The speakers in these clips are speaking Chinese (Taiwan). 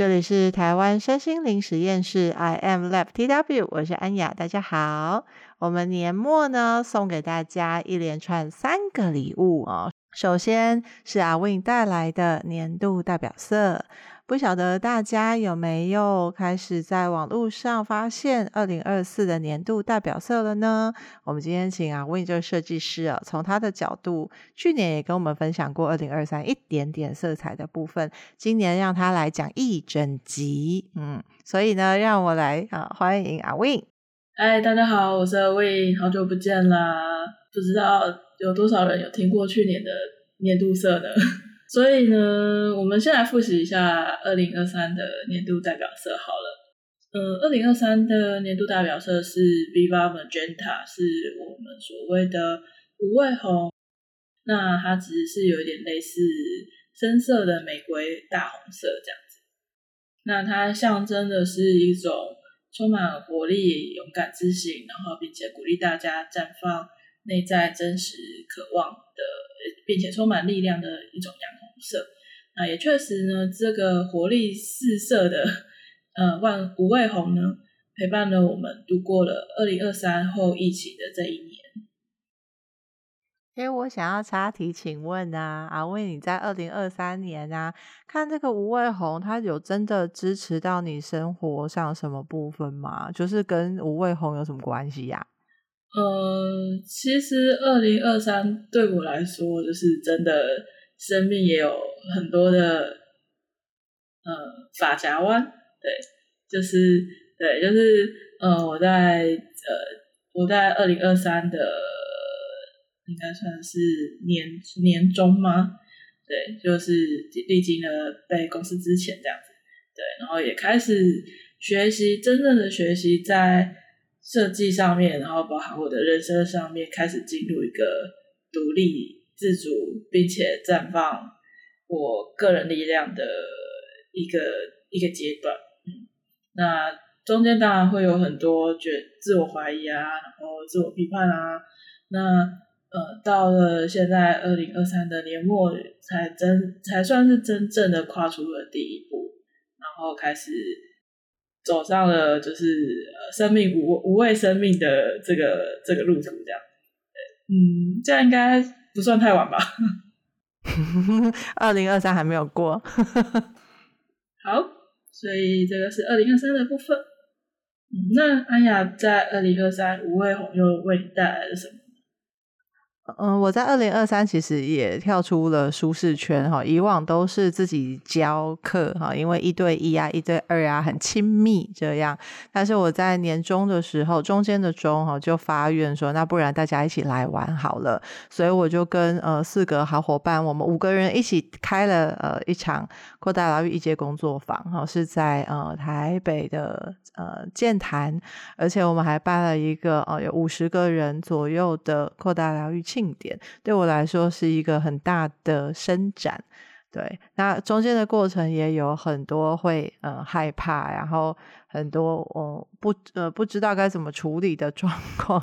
這裡是台灣身心靈實驗室，I Am Lab TW，我是安雅，大家好。我們年末呢，送給大家一連串三個禮物哦。首先是 Awind 帶來的年度代表色。不曉得大家有沒有開始在網絡上發現二零二四的年度代表色了呢？我們今天請阿 Win，就是設計師啊，從他的角度，去年也跟我們分享過二零二三一點點色彩的部分，今年讓他來講一整集。嗯，所以呢，讓我來啊，歡迎阿 Win。哎，大家好，我是阿 Win，好久不見啦，不知道有多少人有聽過去年的年度色的。所以呢，我們先來複習一下二零二三的年度代表色好了。嗯、呃，二零二三的年度代表色是 Viva Magenta，是我們所謂的無畏紅。那它其實是有一點類似深色的玫瑰大紅色這樣子。那它象徵的是一種充滿活力、勇敢自信，然後並且鼓勵大家綻放內在真實渴望的。並且充滿力量的一種洋紅色，那也確實呢，這個活力四射的呃萬無畏紅呢，陪伴了我們度過了二零二三後疫情的這一年。哎、欸，我想要插題，請問啊，阿、啊、威你在二零二三年啊，看這個無畏紅，它有真的支持到你生活上什麼部分嗎？就是跟無畏紅有什麼關係呀、啊？呃，其實二零二三對我來說，就是真的生命也有很多的，呃，髮夾彎，對，就是對，就是呃，我在呃，我在二零二三的應該算是年年中嗎？對，就是歷經了被公司之前這樣子，對，然後也開始學習，真正的學習在。設計上面，然後包含我的人生上面，開始進入一個獨立自主並且綻放我個人力量的一個一個階段。嗯，那中間當然會有很多覺自我懷疑啊，然後自我批判啊。那呃，到了現在2023的年末，才真才算是真正的跨出了第一步，然後開始。走上了就是呃，生命無無畏生命的這個這個路途，這樣，嗯，這樣應該不算太晚吧？二零二三還沒有過， 好，所以這個是二零二三的部分。嗯，那安雅在二零二三無畏紅又為你帶來了什麼？嗯，我在二零二三其實也跳出了舒適圈哈，以往都是自己教課哈，因為一對一啊、一對二啊很親密這樣。但是我在年中的時候，中間的中就發願說，那不然大家一起來玩好了，所以我就跟呃四個好夥伴，我們五個人一起開了呃一場擴大療癒一階工作坊，是在呃台北的呃劍潭，而且我們還辦了一個有五十個人左右的擴大療癒器。定點對我來說是一個很大的伸展，對。那中間的過程也有很多會嗯、呃、害怕，然後很多我、哦、不呃不知道該怎麼處理的狀況，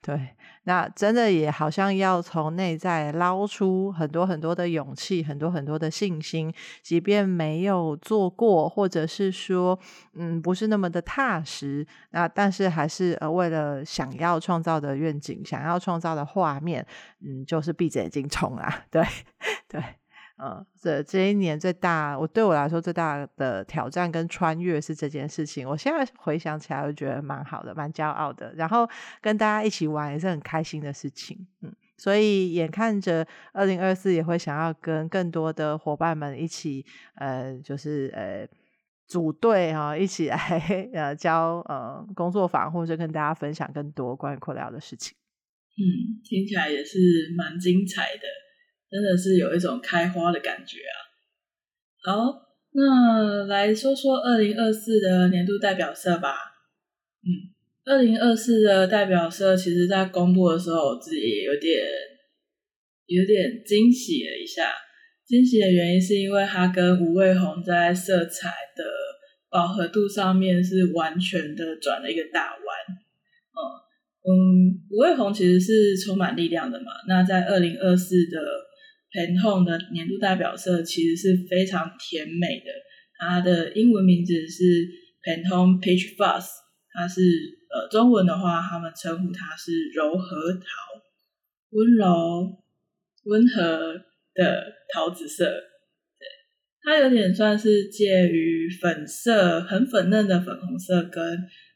對。那真的也好像要從內在撈出很多很多的勇氣，很多很多的信心，即便沒有做過，或者是說，嗯，不是那麼的踏實，那但是還是呃，為了想要創造的願景，想要創造的畫面，嗯，就是閉着眼睛衝啊，對對。嗯，這這一年最大，我對我來說最大的挑戰跟穿越是這件事情。我現在回想起來，我覺得蠻好的，蠻驕傲的。然後跟大家一起玩也是很開心的事情。嗯，所以眼看着二零二四也會想要跟更多的夥伴們一起，呃，就是呃組隊哈、哦，一起來呃教呃工作坊，或者跟大家分享更多關於擴療的事情。嗯，聽起來也是蠻精彩的。真的是有一種開花的感覺啊！好，那來說說二零二四的年度代表色吧。嗯，二零二四的代表色，其實在公布的時候，我自己也有點有點驚喜了一下。驚喜的原因是因為它跟無畏紅在色彩的飽和度上面是完全的轉了一個大彎。嗯。嗯，無畏紅其實是充滿力量的嘛。那在二零二四的潘通的年度代表色其實是非常甜美的，它的英文名字是 Pantone Peach Fuzz，它是呃中文的話，他們稱呼它是柔和桃，溫柔、溫和的桃子色，對，它有點算是介於粉色、很粉嫩的粉紅色跟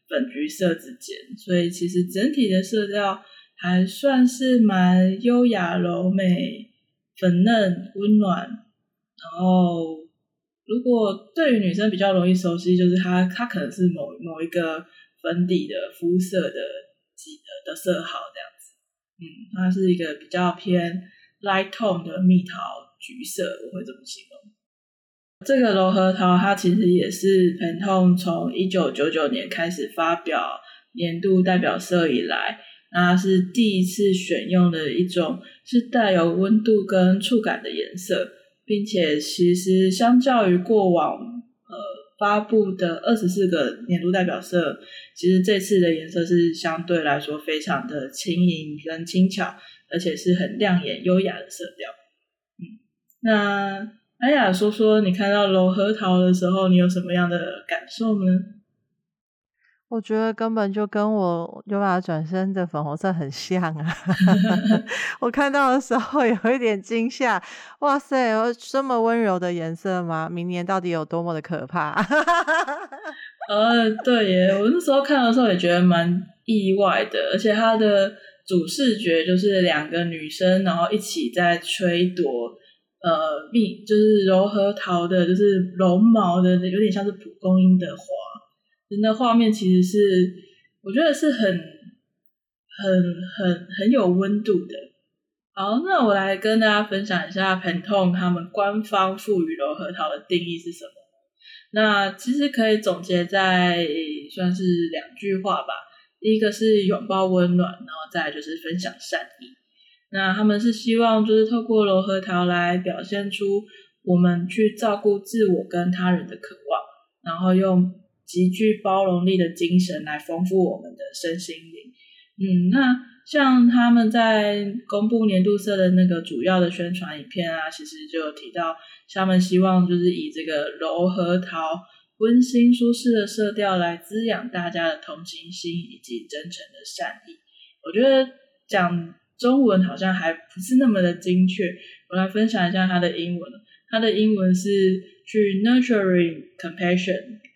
粉橘色之間，所以其實整體的色調還算是蠻優雅柔美。粉嫩、溫暖，然後如果對於女生比較容易熟悉，就是它它可能是某某一個粉底的膚色的的的色號這樣子，嗯，它是一個比較偏 light tone 的蜜桃橘色，我會這麼形容。嗯、這個柔和桃它其實也是 Pantone，從一九九九年開始發表年度代表色以來，那是第一次選用的一種是帶有溫度跟觸感的顏色，並且其實相較於過往呃發布的二十四個年度代表色，其實這次的顏色是相對來說非常的輕盈跟輕巧，而且是很亮眼、優雅的色調。嗯，那安雅說說你看到柔和桃的時候，你有什麼樣的感受呢？我覺得根本就跟我優雅轉身的粉紅色很像啊！ 我看到的時候有一點驚嚇，哇塞，這麼溫柔的顏色嗎？明年到底有多麼的可怕？ 呃，對耶，我那時候看的時候也覺得蠻意外的，而且它的主視覺就是兩個女生，然後一起在吹朵呃蜜，就是柔和桃的，就是絨毛的，有點像是蒲公英的花。人的畫面其實是我覺得是很、很、很、很有溫度的。好，那我來跟大家分享一下 Pantone 他們官方賦予柔和桃的定義是什麼？那其實可以總結在算是兩句話吧。第一個是擁抱溫暖，然後再來就是分享善意。那他們是希望就是透過柔和桃來表現出我們去照顧自我跟他人的渴望，然後用。極具包容力的精神來豐富我們的身心靈。嗯，那像他們在公布年度色的那個主要的宣傳影片啊，其實就有提到他們希望就是以這個柔和桃、溫馨、舒適的色調來滋養大家的同情心以及真誠的善意。我覺得講中文好像還不是那麼的精確，我來分享一下它的英文。它的英文是去 nurturing compassion。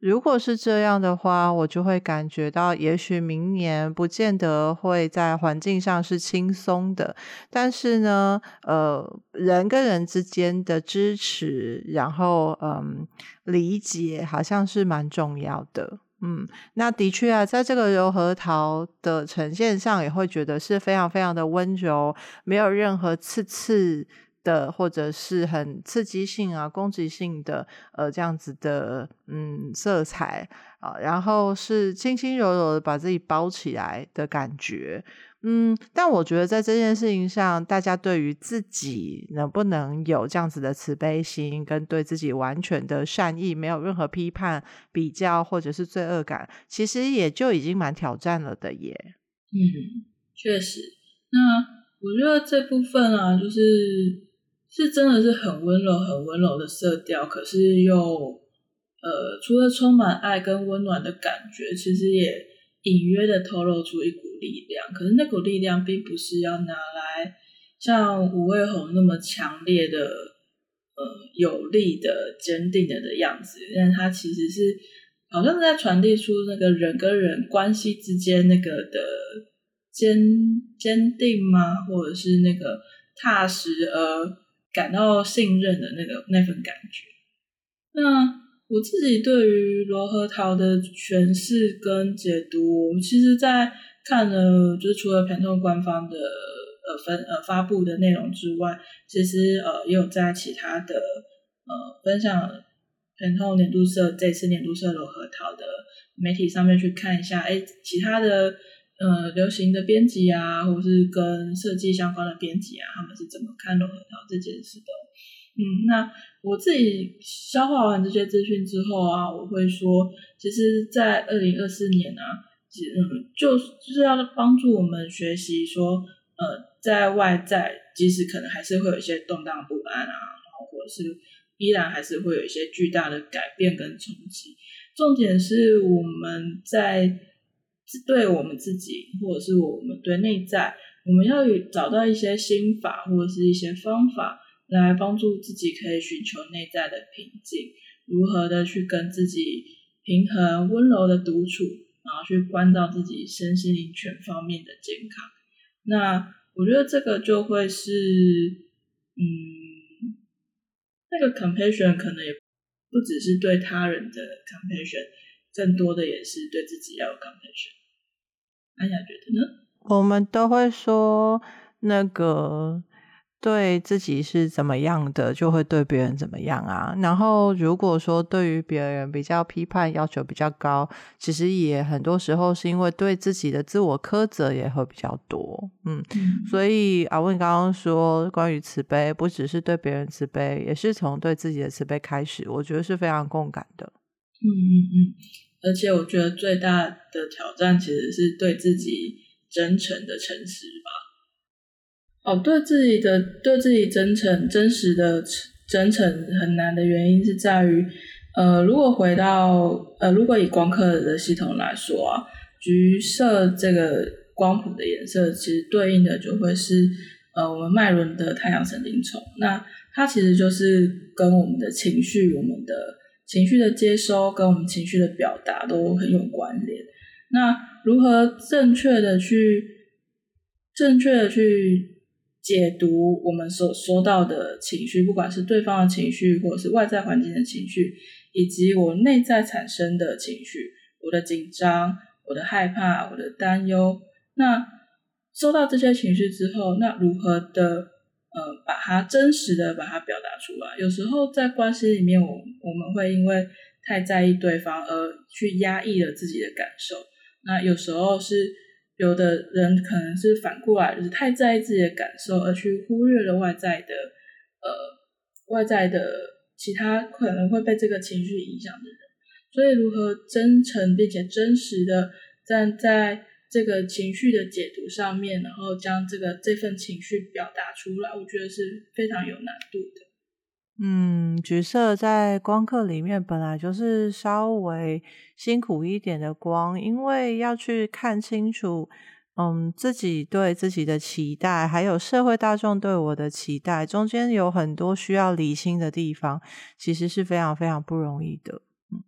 如果是這樣的話，我就會感覺到，也許明年不見得會在環境上是輕鬆的，但是呢，呃，人跟人之間的支持，然後嗯，理解好像是蠻重要的。嗯，那的確啊，在這個柔和桃的呈現上，也會覺得是非常非常的溫柔，沒有任何刺刺。的或者是很刺激性啊、攻擊性的呃，這樣子的嗯色彩啊，然後是輕輕柔柔的把自己包起來的感覺，嗯，但我覺得在這件事情上，大家對於自己能不能有這樣子的慈悲心，跟對自己完全的善意，沒有任何批判、比較或者是罪惡感，其實也就已經蠻挑戰了的耶。嗯，確實，那我覺得這部分啊，就是。是真的是很溫柔、很溫柔的色調，可是又，呃，除了充滿愛跟溫暖的感覺，其實也隱約的透露出一股力量。可是那股力量並不是要拿來像無畏紅那麼強烈的、呃，有力的、堅定的的樣子。但它其實是好像在傳遞出那個人跟人關係之間那個的堅堅定嗎？或者是那個踏實而，呃感到信任的那個那份感覺。那我自己對於柔和桃的詮釋跟解讀，我們其實，在看了，就是除了 Pantone 官方的呃分呃發佈的內容之外，其實呃也有在其他的呃分享 Pantone 年度色，這次年度色柔和桃的媒體上面去看一下，誒、欸、其他的。呃，流行的編輯啊，或是跟設計相關的編輯啊，他們是怎麼看懂的這件事的？嗯，那我自己消化完這些資訊之後啊，我會說，其實，在二零二四年啊，嗯，就是就是要幫助我們學習說，呃，在外在即使可能還是會有一些動盪不安啊，然後或者是依然還是會有一些巨大的改變跟衝擊，重點是我們在。對我們自己，或者是我們對內在，我們要找到一些心法或者是一些方法，來幫助自己可以尋求內在的平靜，如何的去跟自己平衡、溫柔的獨處，然後去關照自己身心靈全方面的健康。那我覺得這個就會是，嗯，那個 compassion 可能也不只是對他人的 compassion。更多的也是對自己要有 connection，安雅覺得呢？我們都會說那個對自己是怎麼樣的，就會對別人怎麼樣啊。然後如果說對於別人比較批判、要求比較高，其實也很多時候是因為對自己的自我苛責也會比較多。嗯，嗯，所以阿文剛剛說關於慈悲，不只是對別人慈悲，也是從對自己的慈悲開始，我覺得是非常共感的。嗯嗯嗯，而且我覺得最大的挑戰其實是對自己真誠的誠實吧。哦，對自己的對自己真誠真實的真誠很難的原因是在於，呃，如果回到呃，如果以光課的系統來說啊，橘色這個光譜的顏色其實對應的就會是呃，我們脈輪的太陽神經叢，那它其實就是跟我們的情緒，我們的。情緒的接收跟我們情緒的表達都很有關聯。那如何正確的去正確的去解讀我們所收到的情緒，不管是對方的情緒，或者是外在環境的情緒，以及我內在產生的情緒，我的緊張、我的害怕、我的擔憂。那收到這些情緒之後，那如何的？呃，把它真實的把它表達出來。有時候在關係裡面我們，我我們會因為太在意對方而去壓抑了自己的感受。那有時候是有的人可能是反過來，就是太在意自己的感受而去忽略了外在的，呃，外在的其他可能會被這個情緒影響的人。所以，如何真誠並且真實的站在。這個情緒的解讀上面，然後將這個這份情緒表達出來，我覺得是非常有難度的。嗯，橘色在光課裡面本來就是稍微辛苦一點的光，因為要去看清楚，嗯，自己對自己的期待，還有社會大眾對我的期待，中間有很多需要理清的地方，其實是非常非常不容易的。嗯。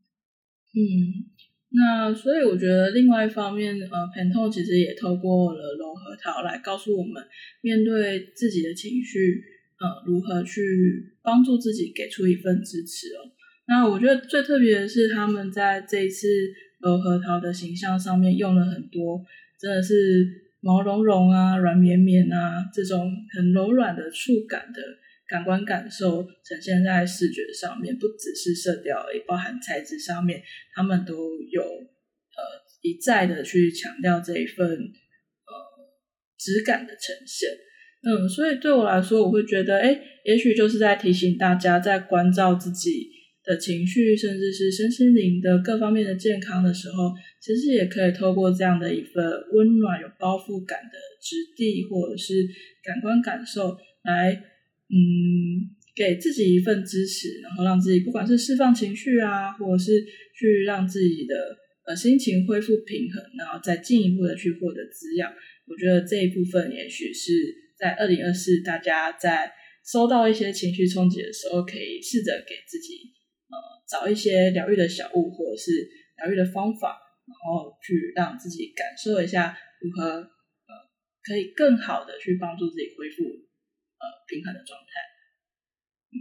嗯那所以我覺得另外一方面，呃，Pantone 其實也透過了柔和桃來告訴我們，面對自己的情緒，呃，如何去幫助自己給出一份支持哦。那我覺得最特別的是，他們在這一次柔和桃的形象上面用了很多，真的是毛茸茸啊、軟綿綿啊這種很柔軟的觸感的。感官感受呈現在視覺上面，不只是色調，也包含材質上面，他們都有呃一再的去強調這一份呃質感的呈現。嗯，所以對我來說，我會覺得，哎、欸，也許就是在提醒大家，在關照自己的情緒，甚至是身心靈的各方面的健康的時候，其實也可以透過這樣的一份溫暖、有包覆感的質地，或者是感官感受來。嗯，給自己一份支持，然後讓自己不管是釋放情緒啊，或者是去讓自己的呃心情恢復平衡，然後再進一步的去獲得滋養。我覺得這一部分也許是在二零二四，大家在收到一些情緒衝擊的時候，可以試着給自己呃找一些療癒的小物，或者是療癒的方法，然後去讓自己感受一下如何呃可以更好的去幫助自己恢復，呃、平衡的狀態。嗯、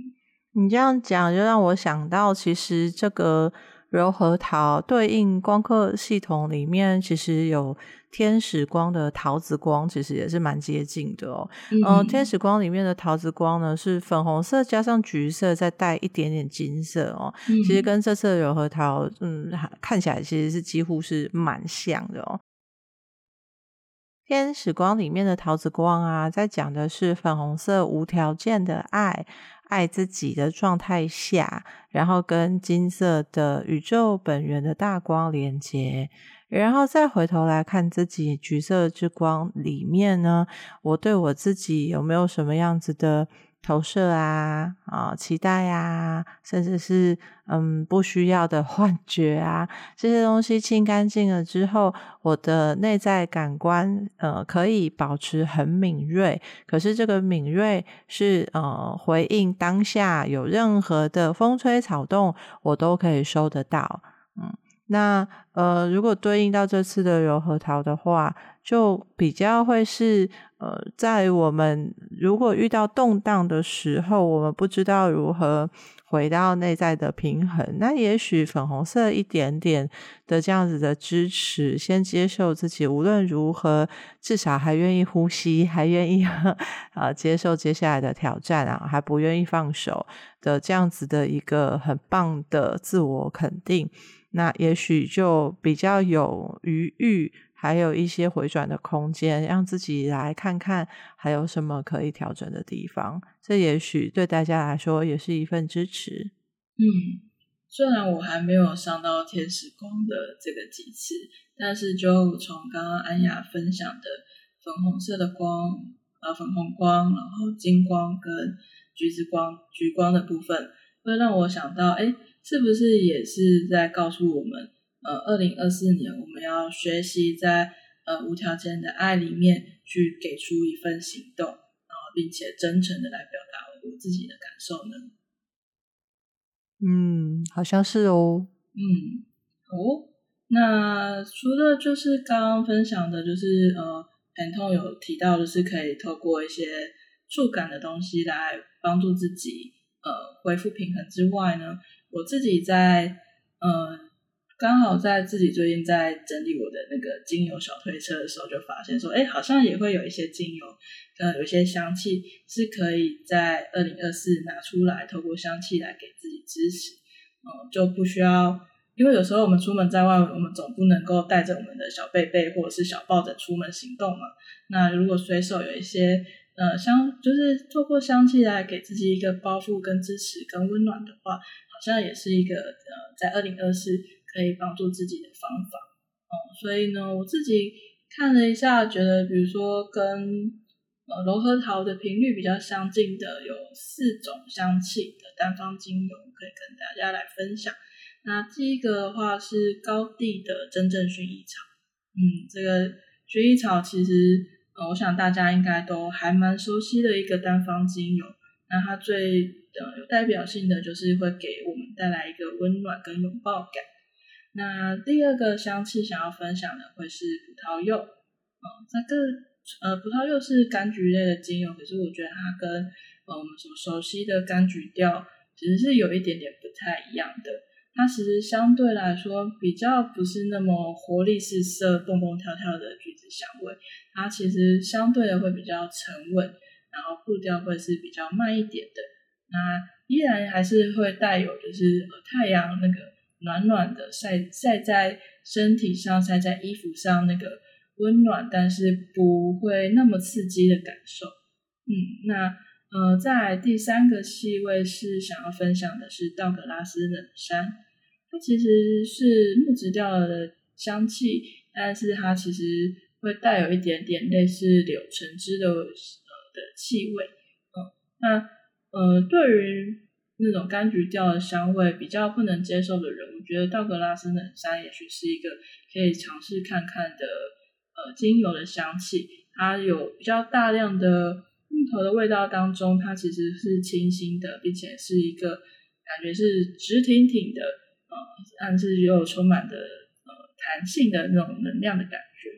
你這樣講就讓我想到，其實這個柔和桃對應光課系統裡面，其實有天使光的桃子光，其實也是蠻接近的哦、喔嗯哼呃。天使光裡面的桃子光呢，是粉紅色加上橘色，再帶一點點金色哦、喔。嗯、哼其實跟這次的柔和桃，嗯，看起來其實是幾乎是蠻像的哦、喔。天使光裡面的桃子光啊，在講的是粉紅色無條件的愛，愛自己的狀態下，然後跟金色的宇宙本源的大光連接，然後再回頭來看自己。橘色之光裡面呢，我對我自己有沒有什麼樣子的？投射啊，啊、哦，期待啊，甚至是嗯不需要的幻覺啊，這些東西清乾淨了之後，我的內在感官呃可以保持很敏銳。可是這個敏銳是呃回應當下有任何的風吹草動，我都可以收得到。那呃，如果對應到這次的柔和桃的話，就比較會是呃，在我們如果遇到動盪的時候，我們不知道如何回到內在的平衡。那也許粉紅色一點點的這樣子的支持，先接受自己，無論如何，至少還願意呼吸，還願意啊、呃、接受接下來的挑戰啊，還不願意放手的這樣子的一個很棒的自我肯定。那也許就比較有餘域還有一些回轉的空間，讓自己來看看還有什麼可以調整的地方。這也許對大家來說也是一份支持。嗯，雖然我還沒有上到天使光的這個層次，但是就從剛剛安雅分享的粉紅色的光、粉紅光，然後金光跟橘子光、橘光的部分，會讓我想到，哎、欸。是不是也是在告訴我們，呃，二零二四年我們要學習在呃無條件的愛裡面去給出一份行動，然、呃、後並且真誠的來表達我自己的感受呢？嗯，好像是哦。嗯，哦，那除了就是剛剛分享的，就是呃，Pantone 有提到的是可以透過一些觸感的東西來幫助自己呃恢復平衡之外呢？我自己在，嗯，剛好在自己最近在整理我的那個精油小推車的時候，就發現說，哎、欸，好像也會有一些精油，呃，有一些香氣是可以在二零二四拿出來，透過香氣來給自己支持，嗯，就不需要，因為有時候我們出門在外，我們總不能夠帶着我們的小被被或者是小抱枕出門行動嘛。那如果隨手有一些。呃，香就是透過香氣來給自己一個包覆、跟支持、跟溫暖的話，好像也是一個呃，在二零二四可以幫助自己的方法。哦、呃，所以呢，我自己看了一下，覺得比如說跟呃柔和桃的頻率比較相近的，有四種香氣的單方精油可以跟大家來分享。那第一個的話是高地的真正薰衣草，嗯，這個薰衣草其實。我想大家應該都還蠻熟悉的一個單方精油，那它最呃有代表性的就是會給我們帶來一個溫暖跟擁抱感。那第二個香氣想要分享的會是葡萄柚，啊、呃，這個呃葡萄柚是柑橘類的精油，可是我覺得它跟呃我們所熟悉的柑橘調其實是有一點點不太一樣的。它其實相對來說比較不是那麼活力四射，蹦蹦跳跳的橘子香味，它其實相對的會比較沉穩，然後步調會是比較慢一點的。那依然還是會帶有就是、呃、太陽那個暖暖的曬曬在身體上，曬在衣服上那個溫暖，但是不會那麼刺激的感受。嗯，那呃，在第三個氣味是想要分享的是道格拉斯冷杉。它其實是木質調的香氣，但是它其實會帶有一點點類似柳橙汁的呃的氣味。嗯，那呃，對於那種柑橘調的香味比較不能接受的人，我覺得道格拉斯冷杉也許是一個可以嘗試看看的呃精油的香氣。它有比較大量的木頭的味道當中，它其實是清新的，並且是一個感覺是直挺挺的。呃、嗯，但是又充滿的呃彈性的那種能量的感覺，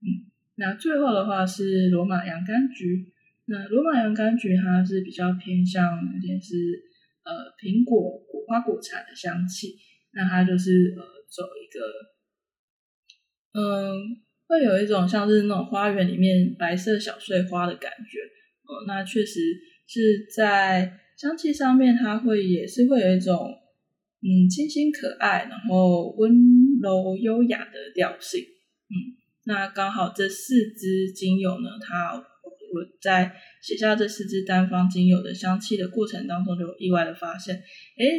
嗯，那最後的話是羅馬洋甘菊。那羅馬洋甘菊它是比較偏向一點是呃蘋果花果茶的香氣，那它就是呃走一個，嗯，會有一種像是那種花園裡面白色小碎花的感覺。呃、那確實是在香氣上面，它會也是會有一種。嗯，清新可愛，然後溫柔優雅的調性。嗯，那剛好這四支精油呢，它我在寫下這四支單方精油的香氣的過程當中，就意外的發現，誒，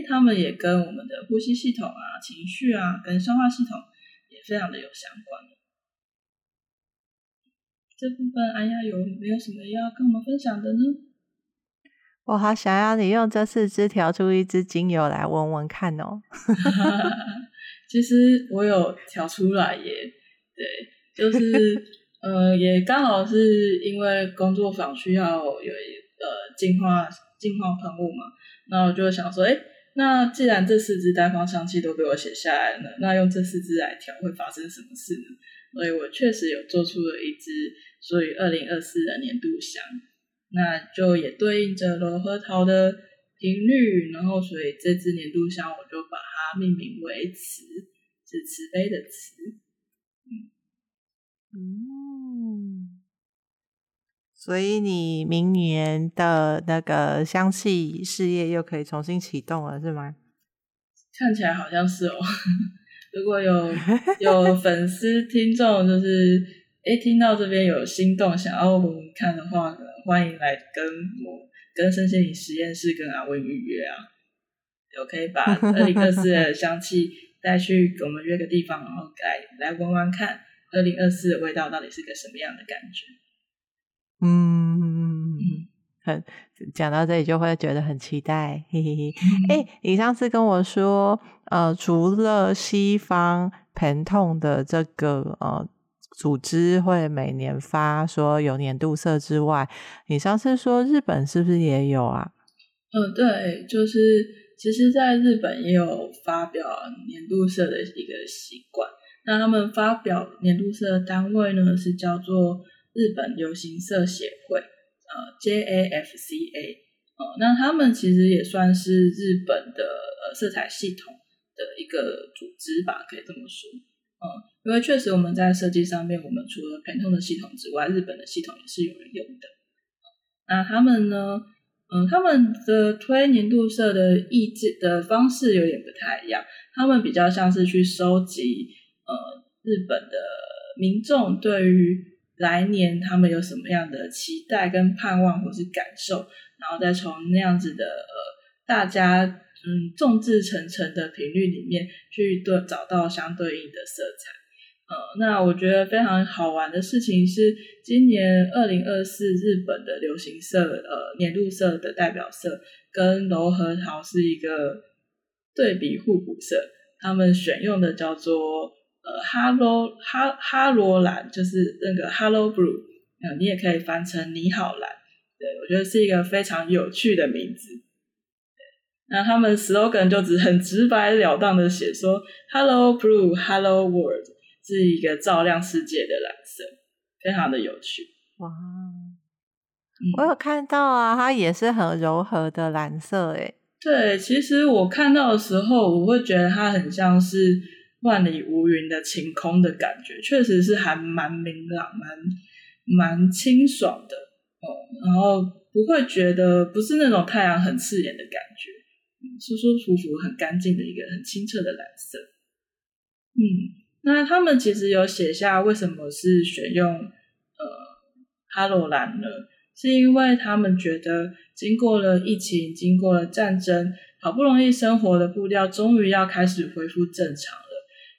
它們也跟我們的呼吸系統啊、情緒啊，跟消化系統也非常的有相關。這部分安雅有沒有什麼要跟我們分享的呢？我好想要你用這四支調出一支精油來聞聞看哦、喔。 其實我有調出來耶，對，就是呃也剛好是因為工作坊需要有一個淨化淨化噴霧嘛，那我就想說、欸，誒那既然這四支單方香氣都被我寫下來了，那用這四支來調會發生什麼事呢？所以我確實有做出了一支屬於二零二四的年度香。那就也對應着柔和桃的頻率，然後所以這支年度香我就把它命名為慈，是慈悲的慈。嗯，所以你明年的那個香氣事業又可以重新啟動了，是嗎？看起來好像是哦。如果有有粉絲聽眾就是欸 聽到這邊有心動想要聞聞看的話呢。歡迎來跟我、跟身心靈實驗室、跟阿威預約啊！我可以把二零二四的香氣帶去，我們約個地方， 然後來來玩玩看，二零二四的味道到底是個什麼樣的感覺？嗯，嗯很講到這裡就會覺得很期待，嘿嘿嘿！哎、 欸，你上次跟我說，呃，除了西方 Pantone 的這個，呃。組織會每年發說有年度色之外，你上次說日本是不是也有啊？嗯，對，就是其實在日本也有發表、啊、年度色的一個習慣。那他們發表年度色的單位呢是叫做日本流行色協會，呃，JAFCA、嗯。那他們其實也算是日本的呃色彩系統的一個組織吧，可以這麼說。嗯，因為確實我們在設計上面，我們除了 Pantone 的系統之外，日本的系統也是有人用的。那他們呢？嗯，他們的推年度色的意志的方式有點不太一樣，他們比較像是去收集呃日本的民眾對於來年他們有什麼樣的期待跟盼望或是感受，然後再從那樣子的、呃、大家。嗯，眾志成城的頻率裡面去對找到相對應的色彩。呃，那我覺得非常好玩的事情是，今年二零二四日本的流行色呃年度色的代表色跟柔和桃是一個對比互補色，他們選用的叫做呃哈羅哈哈羅藍，就是那個哈羅 blue，呃，你也可以翻成你好藍。對，我覺得是一個非常有趣的名字。那他們 slogan 就只很直白了當的寫說，Hello Blue，Hello World，是一個照亮世界的藍色，非常的有趣，哇！我有看到啊，它也是很柔和的藍色，哎、嗯，對，其實我看到的時候，我會覺得它很像是萬里無雲的晴空的感覺，確實是還蠻明朗、蠻蠻清爽的哦，然後不會覺得不是那種太陽很刺眼的感覺。舒舒服服、很乾淨的一個很清澈的藍色。嗯，那他們其實有寫下為什麼是選用呃哈羅藍呢？是因為他們覺得經過了疫情，經過了戰爭，好不容易生活的步調終於要開始恢復正常了。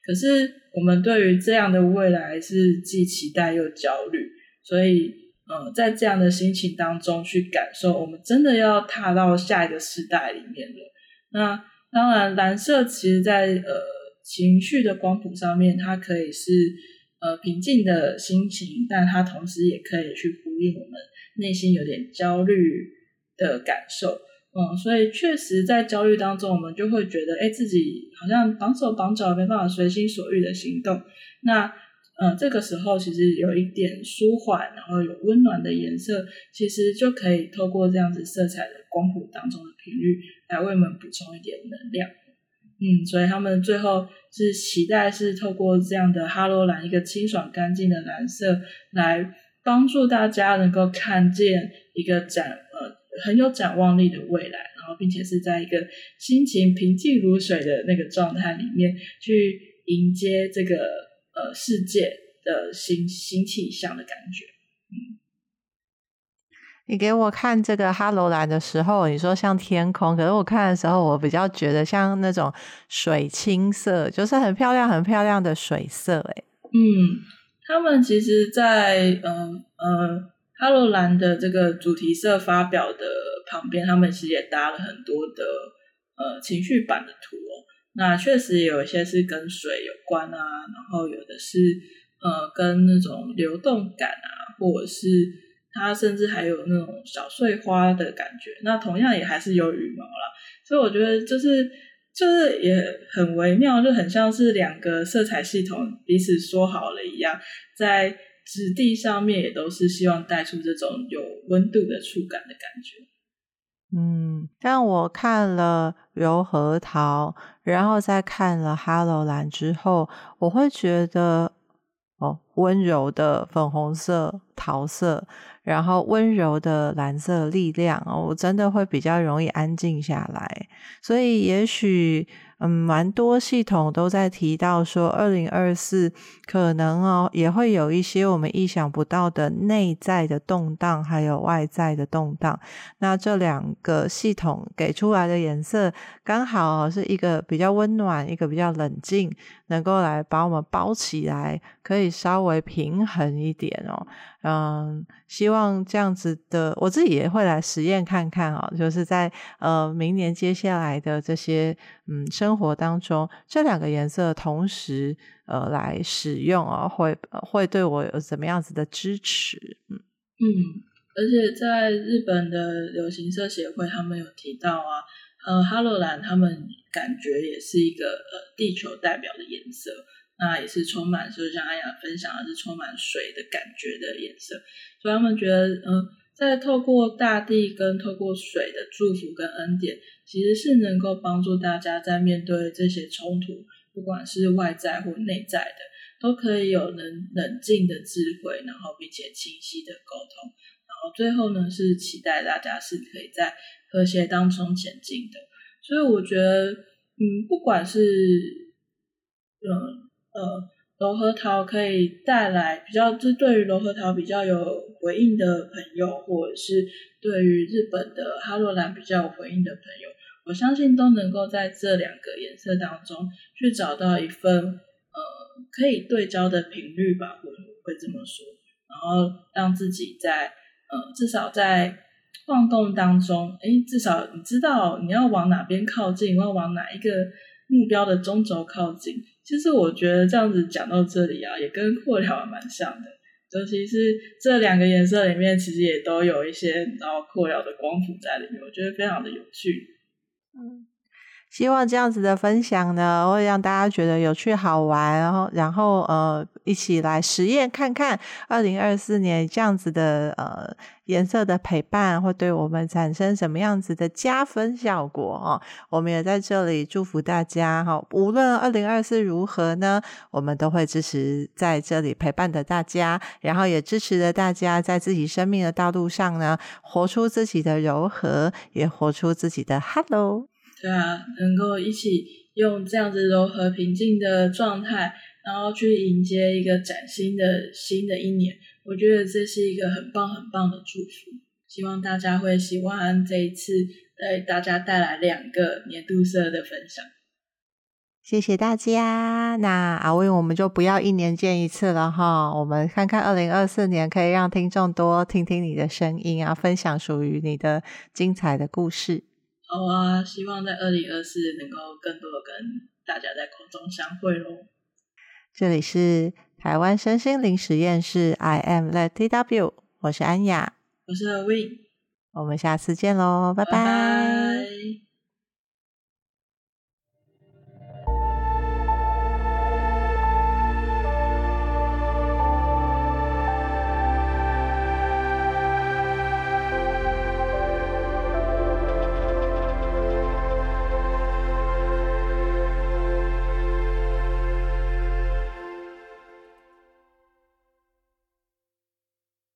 可是我們對於這樣的未來是既期待又焦慮，所以呃在這樣的心情當中去感受，我們真的要踏到下一個世代裡面了。那當然，藍色其實在呃情緒的光譜上面，它可以是呃平靜的心情，但它同時也可以去呼應我們內心有點焦慮的感受。嗯，所以確實在焦慮當中，我們就會覺得，誒，自己好像綁手綁腳，沒辦法隨心所欲的行動。那嗯，這個時候其實有一點舒緩，然後有溫暖的顏色，其實就可以透過這樣子色彩的光譜當中的頻率來為我們補充一點能量。嗯，所以他們最後是期待是透過這樣的哈囉藍，一個清爽乾淨的藍色，來幫助大家能夠看見一個展，呃，很有展望力的未來，然後並且是在一個心情平靜如水的那個狀態裡面去迎接這個。世界的新新氣象的感覺。嗯，你給我看這個哈囉藍的時候，你說像天空，可是我看的時候，我比較覺得像那種水青色，就是很漂亮，很漂亮的水色。哎，嗯，他們其實在，在呃呃哈囉藍的這個主題色發表的旁邊，他們其實也搭了很多的呃情緒版的圖哦。那確實有一些是跟水有關啊，然後有的是呃跟那種流動感啊，或者是它甚至還有那種小碎花的感覺。那同樣也還是有羽毛啦，所以我覺得就是就是也很微妙，就很像是兩個色彩系統彼此說好了一樣，在質地上面也都是希望帶出這種有溫度的觸感的感覺。嗯，但我看了柔和桃，然後再看了哈囉藍之後，我會覺得哦，溫柔的粉紅色、桃色，然後溫柔的藍色力量哦，我真的會比較容易安靜下來，所以也許。嗯，蠻多系統都在提到說，二零二四可能哦，也會有一些我們意想不到的內在的動盪，還有外在的動盪。那這兩個系統給出來的顏色，剛好哦，是一個比較溫暖，一個比較冷靜。能夠來把我們包起來，可以稍微平衡一點哦。嗯，希望這樣子的，我自己也會來實驗看看啊、哦。就是在呃明年接下來的這些嗯生活當中，這兩個顏色同時呃來使用啊、哦，會、呃、會對我有怎麼樣子的支持？嗯嗯，而且在日本的流行色協會，他們有提到啊。呃、嗯，哈囉藍他們感覺也是一個呃地球代表的顏色，那也是充滿，就像安雅分享的是充滿水的感覺的顏色，所以他們覺得，嗯、呃，在透過大地跟透過水的祝福跟恩典，其實是能夠幫助大家在面對這些衝突，不管是外在或內在的，都可以有能冷靜的智慧，然後並且清晰的溝通。最後呢，是期待大家是可以在和諧當中前進的，所以我覺得，嗯，不管是，嗯呃、嗯，柔和桃可以帶來比較，這對於柔和桃比較有回應的朋友，或者是對於日本的哈囉藍比較有回應的朋友，我相信都能夠在這兩個顏色當中去找到一份呃、嗯、可以對焦的頻率吧，我會這麼說，然後讓自己在。嗯、至少在晃動當中，哎、欸，至少你知道你要往哪邊靠近，要往哪一個目標的中軸靠近。其實我覺得這樣子講到這裡啊，也跟擴療還蠻像的，尤其是這兩個顏色裡面，其實也都有一些然後擴療的光譜在裡面，我覺得非常的有趣。嗯。希望這樣子的分享呢，會讓大家覺得有趣好玩，然後然後呃，一起來實驗看看，二零二四年這樣子的呃顏色的陪伴會對我們產生什麼樣子的加分效果，喔，我們也在這裡祝福大家哈，喔，無論二零二四如何呢，我們都會支持在這裡陪伴的大家，然後也支持着大家在自己生命的道路上呢，活出自己的柔和，也活出自己的 Hello。對啊，能夠一起用這樣子柔和平靜的狀態，然後去迎接一個嶄新的新的一年，我覺得這是一個很棒很棒的祝福。希望大家會喜歡這一次為大家帶來兩個年度色的分享，謝謝大家。那阿威我們就不要一年見一次了哈，我們看看二零二四年可以讓聽眾多聽聽你的聲音啊，分享屬於你的精彩的故事。好啊，希望在二零二四能夠更多的跟大家在空中相會嘍。這裡是台灣身心靈實驗室，I am Lab TW，我是安雅，我是 Awind。我們下次見嘍，拜拜。Bye bye